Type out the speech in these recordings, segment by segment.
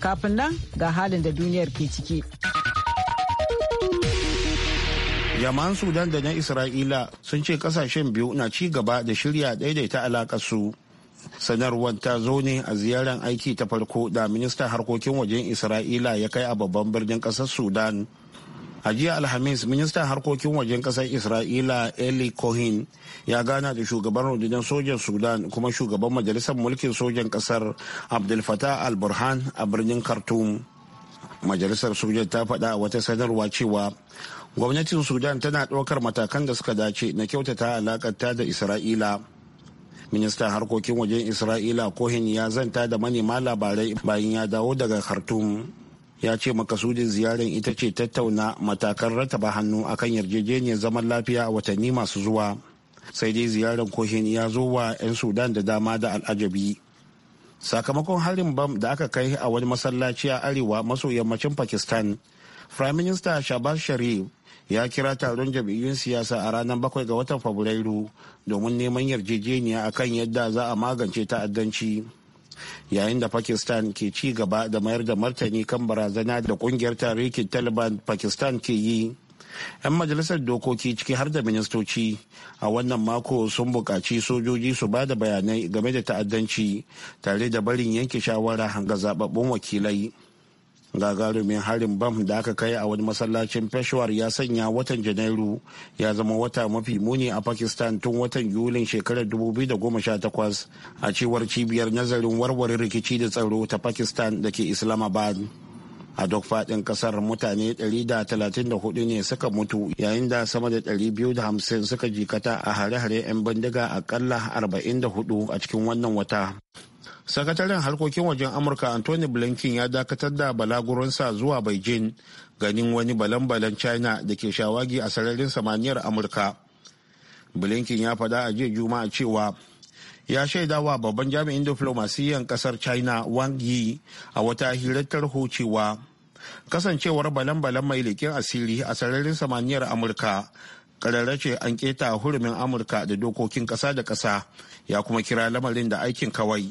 Kafin nan ga halin da duniyar ke ciki. Yaman Sudan da na Isra'ila sun ce kasashen biyu na ci gaba da shirya daidaita alakarsu. Sanarwar ta zo ne a ziyarar aiki ta farko da ministan harkokin wajen Isra'ila ya kai a babban birnin ƙasar Sudan. a jiya alhamis ministan harkokin wajen kasar isra'ila eli cohen ya gana da shugaban rundunar sojan sudan kuma shugaban majalisar mulkin sojan kasar abdul fatah al-burhan a birnin khartoum majalisar sojan ta faɗa wata sanarwa cewa gwamnatin sudan tana ɗaukar matakan da suka dace na kyautata alakanta da isra'ila ministan harkokin wajen isra'ila cohen ya zanta da manema labarai bayan ya dawo daga khartoum ya ce makasudin ziyarar ita ce tattauna matakan rataba hannu akan yarjejeniyar zaman lafiya a watanni masu zuwa sai dai ziyarar kohin ya zo wa 'yan sudan da dama da al'ajabi sakamakon harin bam da aka kai a wani masallaci a arewa maso yammacin pakistan prime minister shabaz sharif ya kira taron jam'iyyun siyasa a ranar bakwai ga watan fabrairu domin neman yarjejeniya akan yadda za a magance ta'addanci. yayin da pakistan ke ci gaba da mayar da martani kan barazana da kungiyar tarihin taliban pakistan ke yi 'yan majalisar dokoki ciki har da ministoci a wannan mako sun buƙaci sojoji su ba da bayanai game da ta'addanci tare da barin yanke shawara ga zababbun wakilai gagarumin harin bam da aka kai a wani masallacin peshawar ya sanya watan janairu ya zama wata mafi muni a pakistan tun watan yulin shekarar 2018 a cewar cibiyar nazarin warware rikici da tsaro ta pakistan da ke islamabad a duk fadin kasar mutane 134 ne suka mutu yayin da sama da 250 suka jikata a hare-hare 'yan bindiga akalla 44 a cikin wannan wata sakataren harkokin wajen amurka anthony blinken ya dakatar da balaguronsa zuwa beijing ganin wani balan-balan china da ke shawagi a sararin samaniyar amurka blinken ya faɗa a jiya juma'a cewa ya shaidawa babban jami'in diflomasiyyar kasar china wang yi a wata hirar cewa kasancewar balan-balan mai leƙen asiri a sararin samaniyar amurka kararrace an keta hurumin amurka da dokokin ƙasa da ƙasa ya kuma kira lamarin da aikin kawai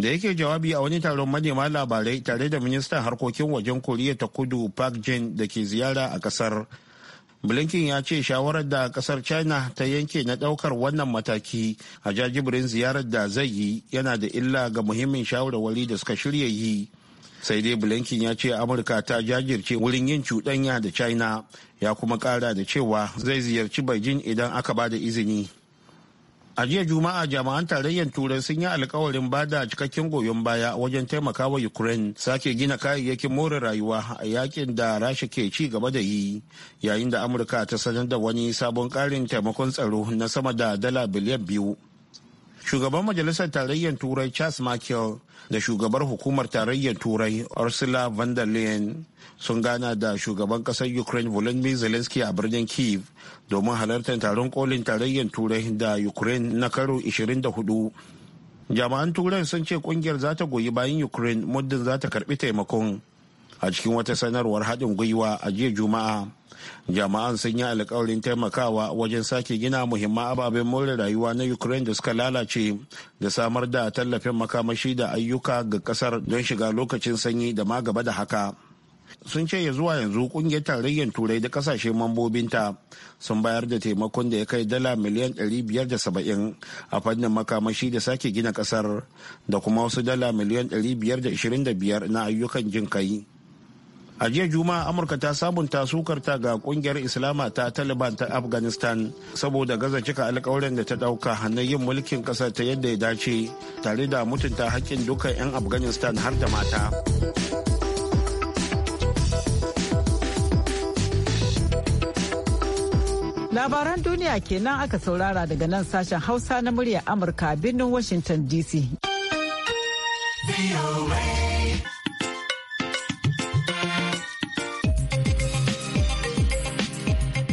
da yake jawabi a wani taron manema labarai tare da ministan harkokin wajen koriya ta kudu park jin da ke ziyara a kasar blinken ya ce shawarar da kasar china ta yanke na daukar wannan mataki a jajibirin ziyarar da zai yi yana da illa ga muhimmin shawarwari da suka shirya yi sai dai blinken ya ce amurka ta jajirce wurin yin cuɗanya da china ya kuma ƙara da cewa zai ziyarci beijing idan aka ba da izini a jiya juma'a jami'an tarayyar turai sun yi alkawarin ba da cikakken goyon baya wajen taimakawa ukraine sake gina kayayyakin more rayuwa a yakin da rasha ke ci gaba da yi yayin da amurka ta sanar da wani sabon ƙarin taimakon tsaro na sama da dala biliyan biyu shugaban majalisar tarayyar turai charles michael da shugabar hukumar tarayyar turai ursula von der leyen sun gana da shugaban kasar ukraine volodymyr zelensky a birnin kiev domin halartar taron kolin tarayyar turai da ukraine na karo 24 jama'an turai sun ce kungiyar za ta goyi bayan ukraine muddin za ta karbi taimakon a cikin wata sanarwar haɗin gwiwa a jiya juma'a jama'an sun yi alkawarin taimakawa wajen sake gina muhimman ababen more rayuwa na ukraine da suka lalace da samar da tallafin makamashi da ayyuka ga kasar don shiga lokacin sanyi da ma gaba da haka sun ce ya zuwa yanzu kungiyar tarayyar turai da kasashe mambobinta sun bayar da taimakon da ya kai dala miliyan 570 a fannin makamashi da sake gina kasar da kuma wasu dala miliyan 525 na ayyukan jin kai. a jiya juma'a amurka ta sabunta sukarta ga kungiyar islama ta taliban ta afghanistan saboda gaza cika alkawarin da ta dauka hannun yin mulkin kasar ta yadda ya dace tare da mutunta hakkin dukkan 'yan afghanistan har da mata labaran duniya kenan aka saurara daga nan sashen hausa na muryar amurka birnin washington dc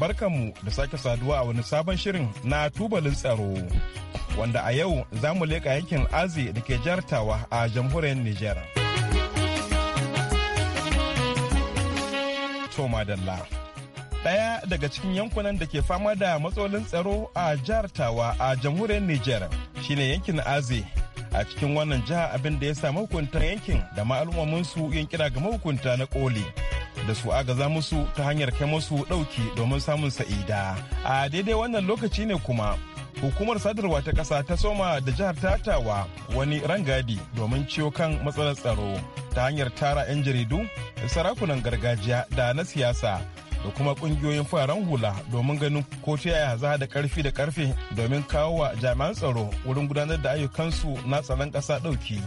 barkanmu da sake saduwa a wani sabon shirin na tubalin tsaro. Wanda a yau za mu leƙa yankin Aze da ke jartawa a jamhuriyar Nijar. Toma Dalla. Ɗaya daga cikin yankunan da ke fama da matsalolin tsaro a jihar Tawa a jamhuriyar Nijar shine yankin Aze a cikin wannan jiha abin da ya samu hukunta yankin da su yin kira ga mahukunta na koli da su agaza musu ta hanyar kai musu ɗauki domin samun sa'ida a daidai wannan lokaci ne kuma hukumar sadarwa ta ƙasa ta soma da jihar tatawa wani rangadi domin ciwo kan matsalar tsaro ta hanyar tara 'yan jaridu sarakunan gargajiya da na siyasa da kuma kungiyoyin fararen hula domin ganin ko ta yaya za da karfi da karfe domin kawo wa jami'an tsaro wurin gudanar da ayyukansu na tsaron ƙasa ɗauki.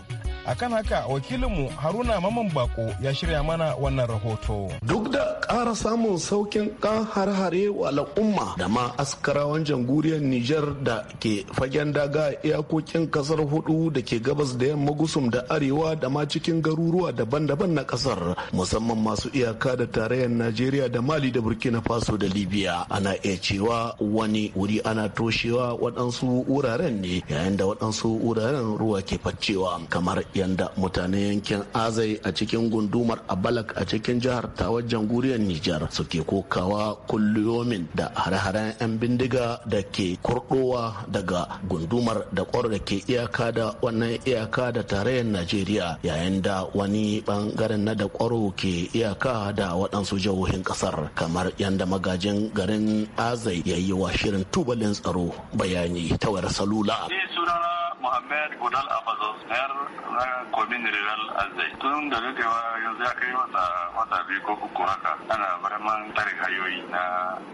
akan haka wakilinmu haruna maman bako ya shirya mana wannan rahoto duk da ƙara samun saukin kan har-hare wa al'umma da ma askarawan jamhuriyar niger da ke fagen daga iyakokin kasar hudu da ke gabas da yamma gusum da arewa da ma cikin garuruwa daban-daban na kasar musamman masu iyaka da tarayyar najeriya da mali da burkina faso da libya ana iya cewa wani wuri ana toshewa waɗansu wuraren ne yayin da waɗansu wuraren ruwa ke faccewa kamar yanda mutane yankin azai a cikin gundumar abalak a cikin jihar tawar jamhuriyar nijar suke kokawa kulliyomin da hare-haren 'yan bindiga da ke kurdowa daga gundumar da kwaro da ke iyaka da wannan iyaka da tarayyar najeriya yayin da wani bangaren na da kwaro ke iyaka da waɗansu jihohin ƙasar kamar yanda magajin garin azai ya yi wa shirin tubalin tsaro bayani ta wayar salula. Muhammad Gunal Abazos, nan komin rural azai tun da dadewa yanzu ya kai wata wata biyu ko uku haka ana barman tare hayoyi na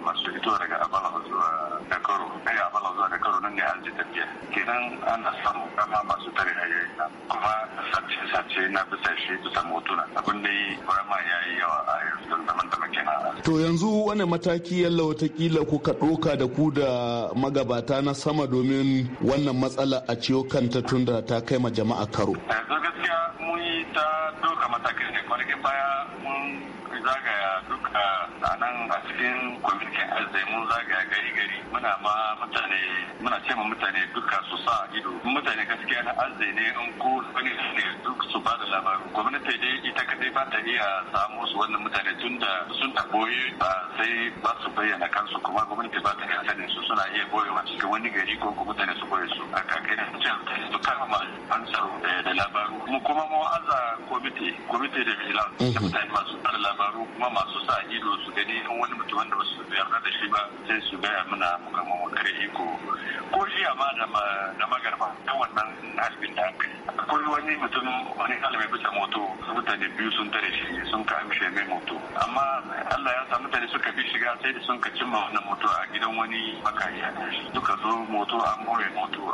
masu fitowa daga abala zuwa dakaro kai abala zuwa dakaro nan ne an ji tafiya kenan ana samu kama masu tare hayoyi na kuma sace-sace na bisa shi bisa motuna abin da yi barman ya yi yawa a yanzu don zaman da makina. to yanzu wani mataki yalla watakila kuka ɗoka da ku da magabata na sama domin wannan matsala a ciwo kanta tunda ta kai ma jama'a karo. Eh, yanzu gaskiya mun yi ta doka matakai ne kwanakin baya mun zagaya duk a nan a cikin kwamitin arzai mun zagaya gari gari muna ma mutane muna ce ma mutane duka su sa ido mutane gaskiya na arzai ne in ko wani ne duk su ba da labaru gwamnati dai ita kadai ba ta iya samu su wannan mutane tun da sun taboye ba sai ba su bayyana kansu kuma gwamnati ba ta iya sanin su suna iya boyewa cikin wani gari ko ko mutane su boye su a kakai na can su kama ma an tsaro eh, da labaru mu kuma mu aza kwamiti kwamiti da vigilance mhm. da mutane masu tsara labaru faru kuma masu sa ido su gani in wani mutum wanda ba su yarda da shi ba sai su gaya mana muka kama mu kare iko ko jiya ma da magarba ta wannan harbin da aka yi akwai wani mutum wani mai bisa moto mutane biyu sun tare shi sun ka amshe mai moto amma Allah ya sa mutane suka bi shiga sai da sun ka cimma wannan moto a gidan wani makariya duka zo moto an more moto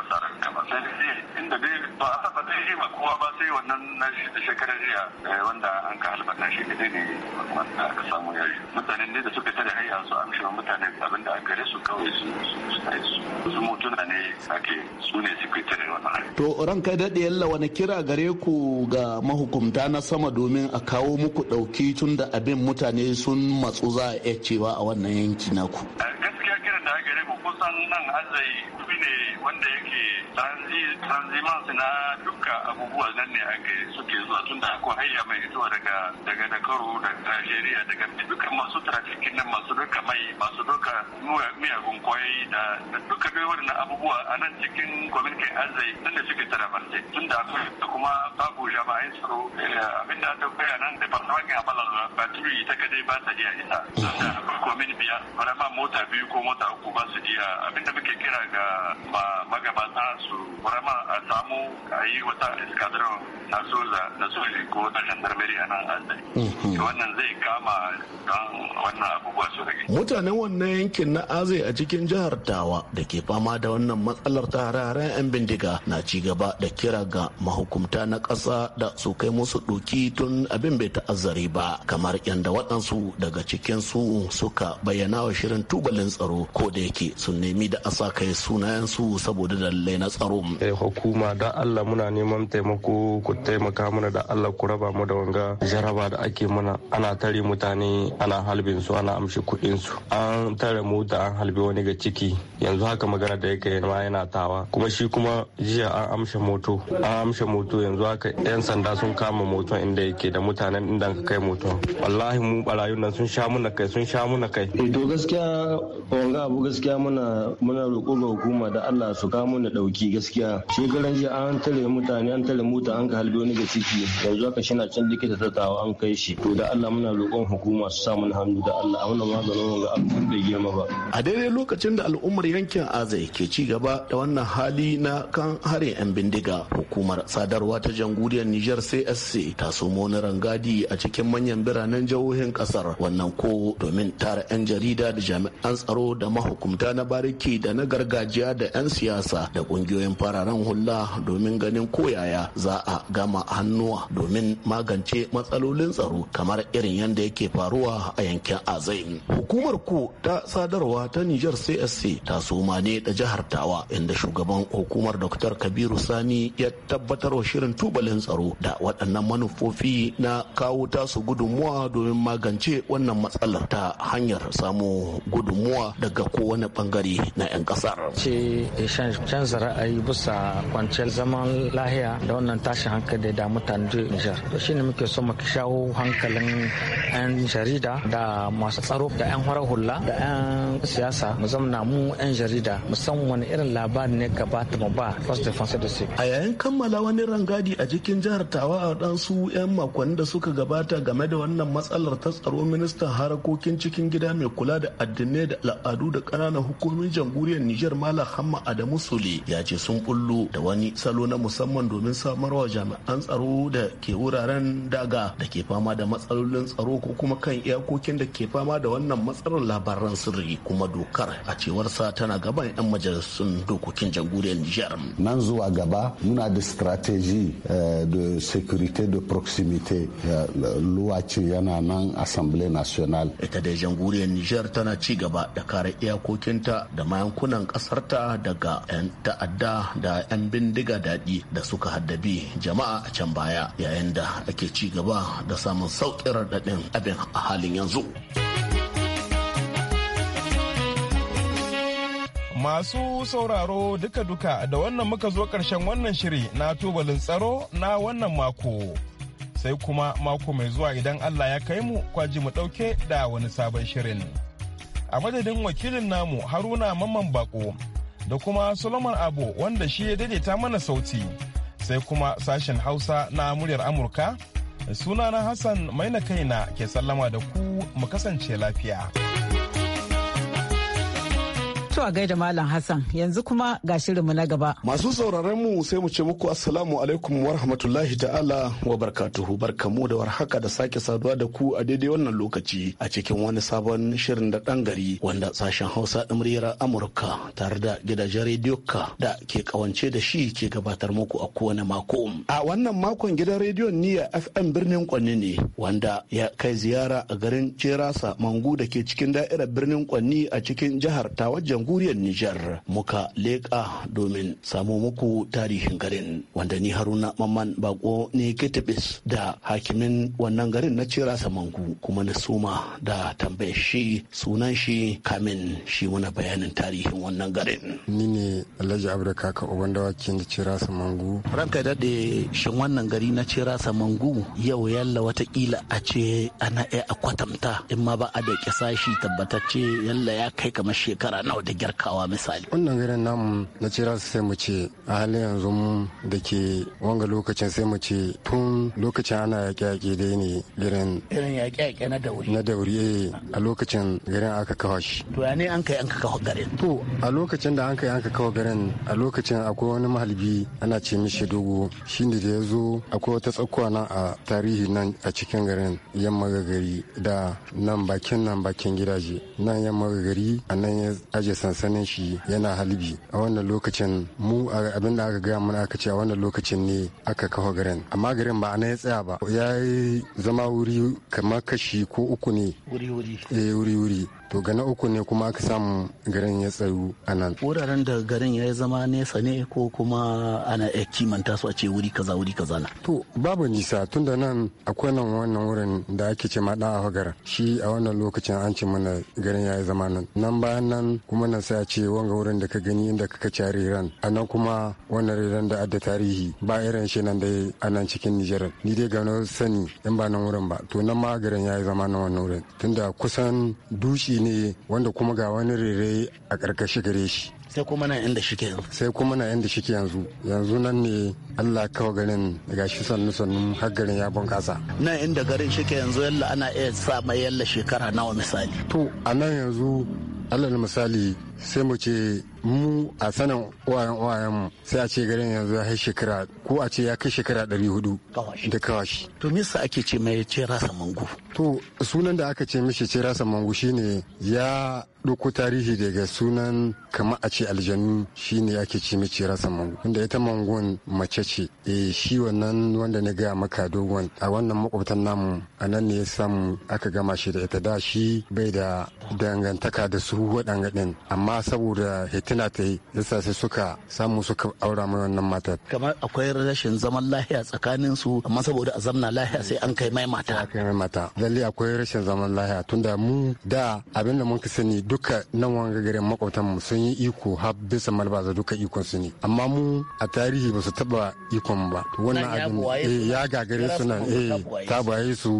to a saba zai yi ma ba sai wannan na shekarar jiya eh, wanda an ka halbata shi kadai ne wanda aka samu yayi mutanen ne da suka tada hayya su amshi mutane abin da gare su kawai su su su mutuna ne ake su ne suke tare wannan to ranka daɗe yalla wani kira gare ku ga mahukumta na sama domin a kawo muku ɗauki tun da abin mutane sun matsu za a iya cewa a wannan yanki naku abin da ake ribu kusan nan azai shi ne wanda yake su na duka abubuwa nan ne ake suke zuwa tun da ko hayya mai zuwa daga daga dakaru da najeriya daga duka masu trafikin nan masu duka mai masu duka miyagun kwayoyi da duka dai waɗannan abubuwa a nan cikin gwamnatin azai tun da suke tarabarce tun da akwai da kuma babu jama'ai tsaro eh, abinda ta koya nan da farfakin abalar baturi ta kadai ba ta iya isa. Mm-hmm. Akwai kwamin biya, ma mota biyu ko mota hukuma su abin da muke kira ga magabata su rama a samu a yi wata iskadron na soja na ko na jandarmeri a nan azai mhm. wannan zai kama don wannan abubuwa su rage mutanen wannan yankin na azai a cikin jihar dawa da ke fama da wannan matsalar ta hare hararen yan bindiga na ci gaba da kira ga mahukunta na ƙasa da su kai musu doki tun abin bai ta'azzari ba kamar yadda waɗansu daga cikin su suka bayyana wa shirin tubalin tsaro ko da yake sun nemi da asa kai sunayen su saboda dalilai na tsaro eh, hukuma don allah muna neman taimako ku taimaka mana da Allah ku raba mu da wanga jaraba da ake mana ana tare mutane ana halbin su ana amshi kuɗin su an tare mu da an halbi wani ga ciki yanzu haka magana da yake ma yana tawa kuma shi kuma jiya an amshe moto an amshe moto yanzu haka yan sanda sun kama moton inda yake da mutanen inda ka kai moto wallahi mu barayun nan sun sha muna kai sun sha muna kai eh, to gaskiya wanga abu gaskiya muna muna roƙo ga hukuma da Allah su kawo mana dauki gaskiya shekaran jiya an tare mutane an tare mota an ka doni ga ciki yanzu haka shi na can likita ta tawo an kai shi to da Allah muna roƙon hukuma su sa mana hannu da Allah amma maganin ga abin da ba a daidai lokacin da al'ummar yankin Azai ke ci gaba da wannan hali na kan hare yan bindiga hukumar sadarwa ta jamhuriyar Niger CSC ta somo na rangadi a cikin manyan biranen jihohin kasar wannan ko domin tara yan jarida da jami'an tsaro da mahukumta na bariki da na gargajiya da yan siyasa da kungiyoyin fararen hulla domin ganin koyaya za a gama hannuwa domin magance matsalolin tsaro kamar irin yadda yake faruwa a yankin azai hukumar ku ta sadarwa ta niger csc ta soma ne da jihar tawa inda shugaban hukumar dr kabiru sani ya tabbatar wa shirin tubalin tsaro da waɗannan manufofi na kawo tasu gudunmuwa domin magance wannan matsalar ta hanyar samu gudunmuwa daga kowane bangare na 'yan kasar. ce canza ra'ayi bisa kwanciyar zaman lahiya da wannan tashin hankali da mutane da Nijar. To shi ne muke so mu shawo hankalin 'yan jarida da masu tsaro da 'yan horar hula da 'yan siyasa mu zamna mu 'yan jarida mu san wani irin labari ne gabata mu ba First Defense da A yayin kammala wani rangadi a cikin jihar Tawa a su 'yan makonni da suka gabata game da wannan matsalar ta tsaro ministan harakokin cikin gida mai kula da addinai da al'adu da ƙananan hukumomin jamhuriyar Nijar Malam Hamma Adamu Sule ya ce sun bullo da wani salo na musamman domin samarwa jami'an jami'an tsaro da ke wuraren daga da ke fama da matsalolin tsaro ko kuma kan iyakokin da ke fama da wannan matsalar labaran sirri kuma dokar a cewarsa tana gaban 'yan majalisun dokokin jamhuriyar Nijar. Nan zuwa gaba muna da strategy eh, de sécurité de proximité luwace yana nan assemblée nationale. Ita dai jamhuriyar Nijar tana ci gaba da kare iyakokinta da mayankunan kasarta daga 'yan ta'adda da 'yan bindiga daɗi da suka haddabi jama'a jama'a a can baya yayin da ake ci gaba da samun sauƙin raɗaɗin abin a halin yanzu. Masu sauraro duka-duka da wannan muka zo ƙarshen wannan shiri na tubalin tsaro na wannan mako. Sai kuma mako mai zuwa idan Allah ya kai mu kwaji mu ɗauke da wani sabon shirin. A madadin wakilin namu Haruna Mamman Bako da kuma Solomon abu wanda shi ya daidaita mana sauti. sai kuma sashen Hausa na muryar Amurka. Sunana Hassan maina kaina ke sallama da ku mu kasance lafiya. To gaida Malam Hassan yanzu kuma ga shirinmu na gaba. Masu sauraron mu sai mu ce muku assalamu alaikum wa rahmatullahi ta'ala wa barkatuhu barkamu da warhaka da sake saduwa da ku a daidai wannan lokaci a cikin wani sabon shirin da dan gari wanda sashen Hausa da Amurka tare da gidajen rediyo ka da ke kawance da shi ke gabatar muku a kowane mako. A wannan makon gidan rediyon Niyya FM birnin Kwanni ne wanda ya kai ziyara a garin Cerasa Mangu da ke cikin da'irar birnin Kwanni a cikin jihar tawajangu jamhuriyar Nijar muka leƙa domin samu muku tarihin garin wanda ni Haruna Mamman Bako ne ke da hakimin wannan garin na Cira Samangu kuma na suma da tambaye shi sunan shi kamin shi wani bayanin tarihin wannan garin. Ni ne Alhaji Abdulka ka uban ke da Cira Samangu. Ranka daɗe shin wannan gari na Cira Samangu yau yalla watakila a ce ana a kwatanta in ma ba a da kisashi tabbatacce yalla ya kai kamar shekara nawa da girkawa misali wannan garin namu na cira sai mu ce a halin yanzu da ke wanga lokacin sai mu ce tun lokacin ana yaƙe-yaƙe dai ne garin irin yaƙe-yaƙe na dauri na dauri eh, a lokacin garin aka kawo shi to ya ne an kai an ka kawo garin to a lokacin da an kai an ka kawo garin a lokacin akwai wani mahalbi ana ce mishi dogo shine da ya zo akwai wata tsakuwa nan a tarihi nan a cikin garin yamma gari da nan bakin nan bakin gidaje nan yamma gari a nan ya aje sansanin shi yana halbi a wannan lokacin mu abin da aka gaya mana aka ce a wannan lokacin ne aka kawo garin amma garin ba ana ya tsaya ba ya yi zama wuri kamar kashi ko uku ne wuri-wuri eh, to ga na uku ne kuma aka samu garin ya tsayu a nan wuraren da garin ya zama nesa ne ko kuma ana iya kimanta su a ce wuri kaza wuri kaza na to babu nisa tun da nan akwai nan wannan wurin da ake ce ma a hagar shi a wannan lokacin an ce mana garin ya zama nan nan bayan nan kuma nan sai ce wanga wurin da ka gani inda ka ci riran a nan kuma wannan riran da adda tarihi ba irin shi nan dai a nan cikin nijar ni dai gano sani in ba nan wurin ba to nan ma garin ya zama nan wannan wurin tunda kusan dushi ne wanda kuma ga wani rere a ƙarƙashi gare shi sai kuma nan inda shike yanzu sai kuma nan inda shike yanzu yanzu nan ne Allah kawo garin daga shi sannu sannu har garin ya kasa. nan inda garin shike yanzu yalla ana iya sa mai yalla shekara nawa misali to a nan yanzu alal misali sai mu ce mu a sanin uwayen uwayen mu sai a ce garin yanzu ya shekara ko a ce ya kai shekara ɗari hudu da kawashi. To me yasa ake ce mai ce rasa mangu? To sunan da aka ce mishi ce rasa mangu shine ya ɗauko tarihi daga sunan kama a ce aljanu shine ake ce ce rasa mangu. Inda ita mangon mace ce eh shi wannan wanda na ga maka dogon a wannan makwabtan namu a nan ne ya samu aka gama shi da ita da shi bai da dangantaka da su waɗanga ɗin amma saboda tila ta yi yasa sai suka samu suka aura mai wannan matar kamar akwai rashin zaman lahiya tsakanin su amma saboda a zamna lahiya sai an kai mai mata kai mai mata lalle akwai rashin zaman lahiya tunda mu da abin da ka sani duka nan wanga garin makwabtan mu sun yi iko har bisa malbaza duka ikon su ne amma mu a tarihi ba su taba ikon ba wannan abin eh, ya gagare su nan eh ta baye su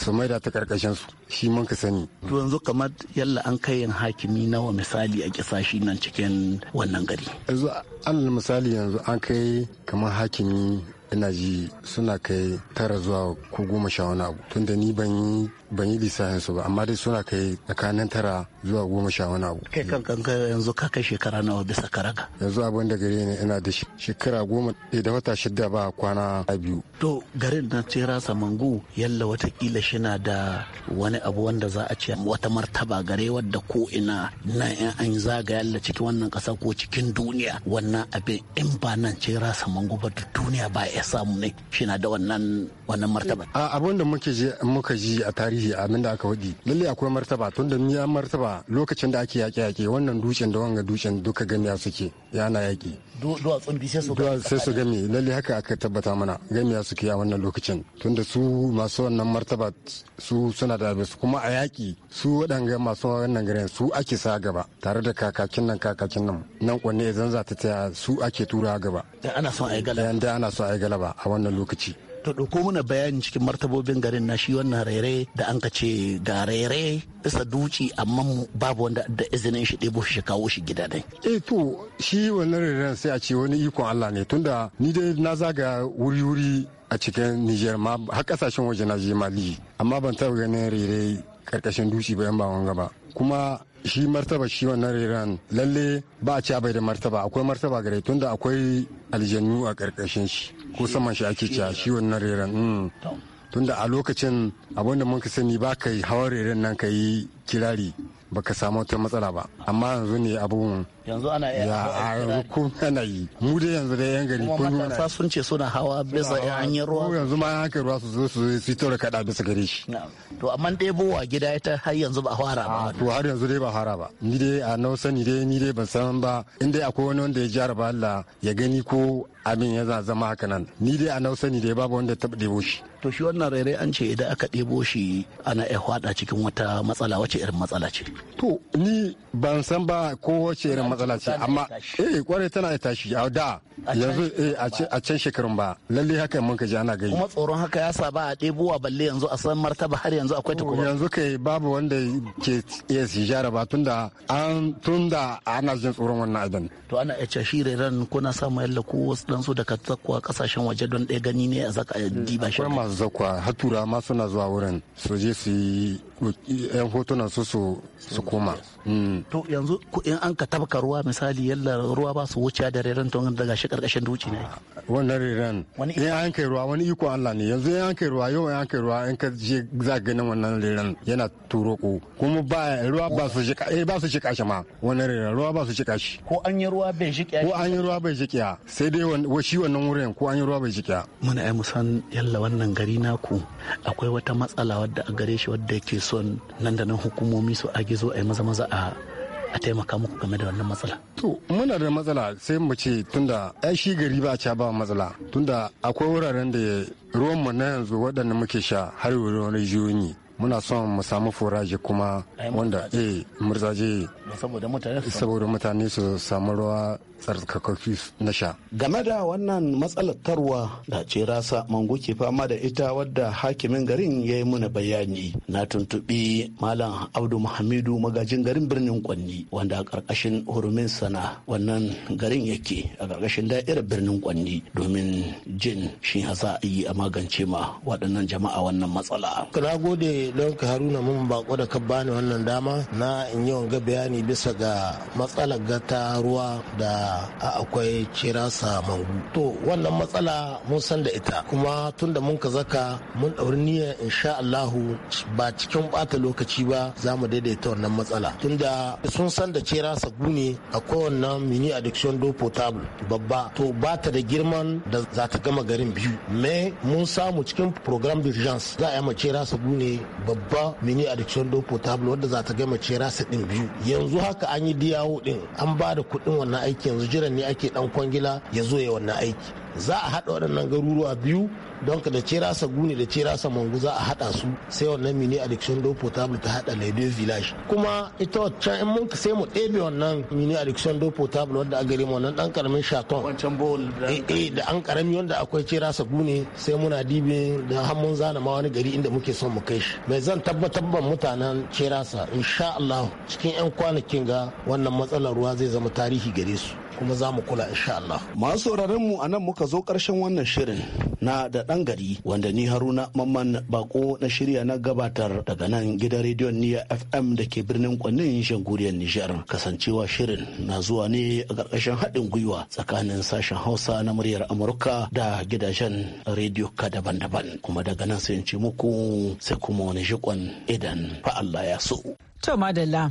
su da ta karkashin su shi mun ka sani to yanzu kamar yalla an kai yin hakimi nawa misali a shi nan cikin wannan gari. yanzu alal misali yanzu an kai kamar hakimi ina ji suna kai tara zuwa ko goma sha wani abu tunda ni ban yi ban su ba amma dai suna kai tsakanin tara zuwa goma sha wani abu kai kan kanka yanzu ka kai shekara nawa bisa karaka yanzu abin da gare ne ina da shekara goma eh, da wata shida ba kwana biyu to garin na tsira samangu yalla watakila shina da wani abu wanda za a ce wata martaba gare wadda ko ina na yan an zaga yalla cikin wannan kasa ko cikin duniya wannan abin in ba nan tsira samangu ba duniya ba ya samu ne shi na da wannan wannan martaba a abin da muke je muka ji a tarihi abin da aka wadi lalle akwai martaba tun da an martaba lokacin da ake yaƙe yaƙe wannan dutsen da wanga dutsen duka gani suke yana yaƙi duwatsun bishe su gami sai su gami lalle haka aka tabbata mana ya suke a wannan lokacin tunda su masu wannan martaba su suna da su kuma a yaƙi su waɗanga masu wannan garin su ake sa gaba tare da kakakin nan kakakin nan nan kwanne zan za ta taya su ake tura gaba dan ana son a yi galaba dan ana son a yi galaba a wannan lokaci ka ɗauko mana bayani cikin martabobin garin na shi wannan rere da an ka ce ga rere isa duci amma babu wanda da izinin shi ɗebo shi kawo shi gida dai. eh to shi wannan reren sai a ce wani ikon Allah ne tunda ni dai na zaga wuri-wuri a cikin Niger ma har kasashen waje na je Mali amma ban taɓa ganin rere karkashin duci ba yan ba wanga ba kuma shi martaba shi wannan reran lalle ba a ci bai da martaba akwai martaba gare tunda akwai aljannu a karkashin shi ko saman shi ake ci shi wannan reran mm. tunda a lokacin abinda mun ka sani ba ka yi hawan Iran nan ka yi kirari ba ka samu wata matsala ba amma yanzu ne abubuwan yanzu ana iya a yanzu ko ana yi mu dai yanzu da yan gari ko ana sa sun ce suna hawa bisa ya hanyar ruwa yanzu ma haka ruwa su zo su su tora kada bisa gare shi to amma dai bowa gida ita har yanzu ba fara ba to har yanzu dai ba fara ba ni dai a nau sani dai ni dai ban san ba in dai akwai wani wanda ya araba Allah ya gani ko abin ya zama haka nan ni dai a nau sani dai babu wanda ya taɓa ɗebo shi to shi wannan rairai an ce idan aka ɗebo shi ana iya hwada cikin wata matsala wace irin matsala ce to ni ban san ba ko wace irin matsala ce amma eh kwarai tana da tashi a da yanzu eh a can shekarun ba lalle haka mun ka ji ana gani kuma tsoron haka ya sa ba a ɗebowa balle yanzu a san martaba har yanzu akwai ta kuma yanzu kai babu wanda ke iya jaraba ba tunda an tunda ana jin tsoron wannan abin to ana iya ce shi ran kuna sa yalla ko wasu dan su daga zakwa kasashen waje don ɗaya gani ne a zaka diba shi akwai masu zakwa hatura tura ma suna zuwa wurin su je su yan hotuna su su koma hmm. to yanzu in an ka tabka ruwa misali yalla ruwa ba su wuce da reran to daga shi karkashin duci ne wannan reran in an kai ruwa wani iko Allah ne yanzu in an kai ruwa yau an kai ruwa in ka je za ganin wannan reran yana turo ko. kuma ba ruwa ba su shi eh ba su shi kashi ma wannan reran ruwa ba su shi kashi ko an yi ruwa bai shi ko an yi ruwa bai shi sai dai shi wannan wurin ko an yi ruwa bai shi muna ai musan yalla wannan gari naku akwai wata matsala wadda a gare shi wadda yake son nan da nan hukumomi su a gizo a yi maza maza a a taimaka muku game da wannan matsala. To muna da matsala sai mu ce tunda ai shi gari ba ca ba matsala tunda akwai wuraren da ruwan mu na yanzu waɗanda muke sha har wurin rijiyoyi muna son mu samu foraje kuma wanda eh murzaje saboda mutane su samu ruwa tsarkakaki na sha. Game da wannan matsalar tarwa da ce rasa mango ke fama da ita wadda hakimin garin ya yi muna bayani na tuntuɓi Malam Abdu Muhammadu magajin garin birnin Kwanni wanda a ƙarƙashin hurumin sana wannan garin yake a ƙarƙashin da'irar birnin Kwanni domin jin shi a yi a magance ma waɗannan jama'a wannan matsala. Na gode don ka haruna mun bako da ka bani wannan dama na in yi wanga bayani bisa ga matsalar gata ruwa da a akwai sa mangu to wannan matsala mun san da ita kuma tun da mun ka zaka mun ɗauri niyya insha Allahu ba cikin bata lokaci ba za mu daidaita wannan matsala tunda sun san da sa gune a wannan mini addiction do potable babba to ba ta da girman da za ta gama garin biyu me mun samu cikin program d'urgence za a yi cera sa gune babba mini addiction do potable wadda za ta gama cera sa din biyu yanzu haka an yi diyawo din an ba da kuɗin wannan aikin yanzu jiran ne ake dan kwangila ya zo ya wannan aiki za a haɗa waɗannan garuruwa biyu don ka da cerasa gune da cerasa mangu za a haɗa su sai wannan mini addiction do potable ta haɗa laido village kuma ita waccan in mun sai mu ɗebe wannan mini addiction do potable wanda a gare mu wannan ɗan karamin shaton da an karami eh, eh, wanda akwai cerasa gune sai muna dibe da mun zana ma wani gari inda muke son mu kai shi mai zan tabbatar ban mutanen cerasa insha Allah cikin 'yan kwanakin ga wannan matsalar ruwa zai zama tarihi gare su kuma za mu kula insha Allah. Masu sauraron mu anan muka zo karshen wannan shirin na da ɗan gari wanda ni Haruna Mamman Bako na shirya na gabatar daga nan gidan rediyon Niyya FM da ke birnin Kwannin Shanguriyar Nijar. Kasancewa shirin na zuwa ne a karkashin haɗin gwiwa tsakanin sashen Hausa na muryar Amurka da gidajen rediyo ka daban-daban. Kuma daga nan sai in ce muku sai kuma wani shikon idan fa Allah ya so. To madalla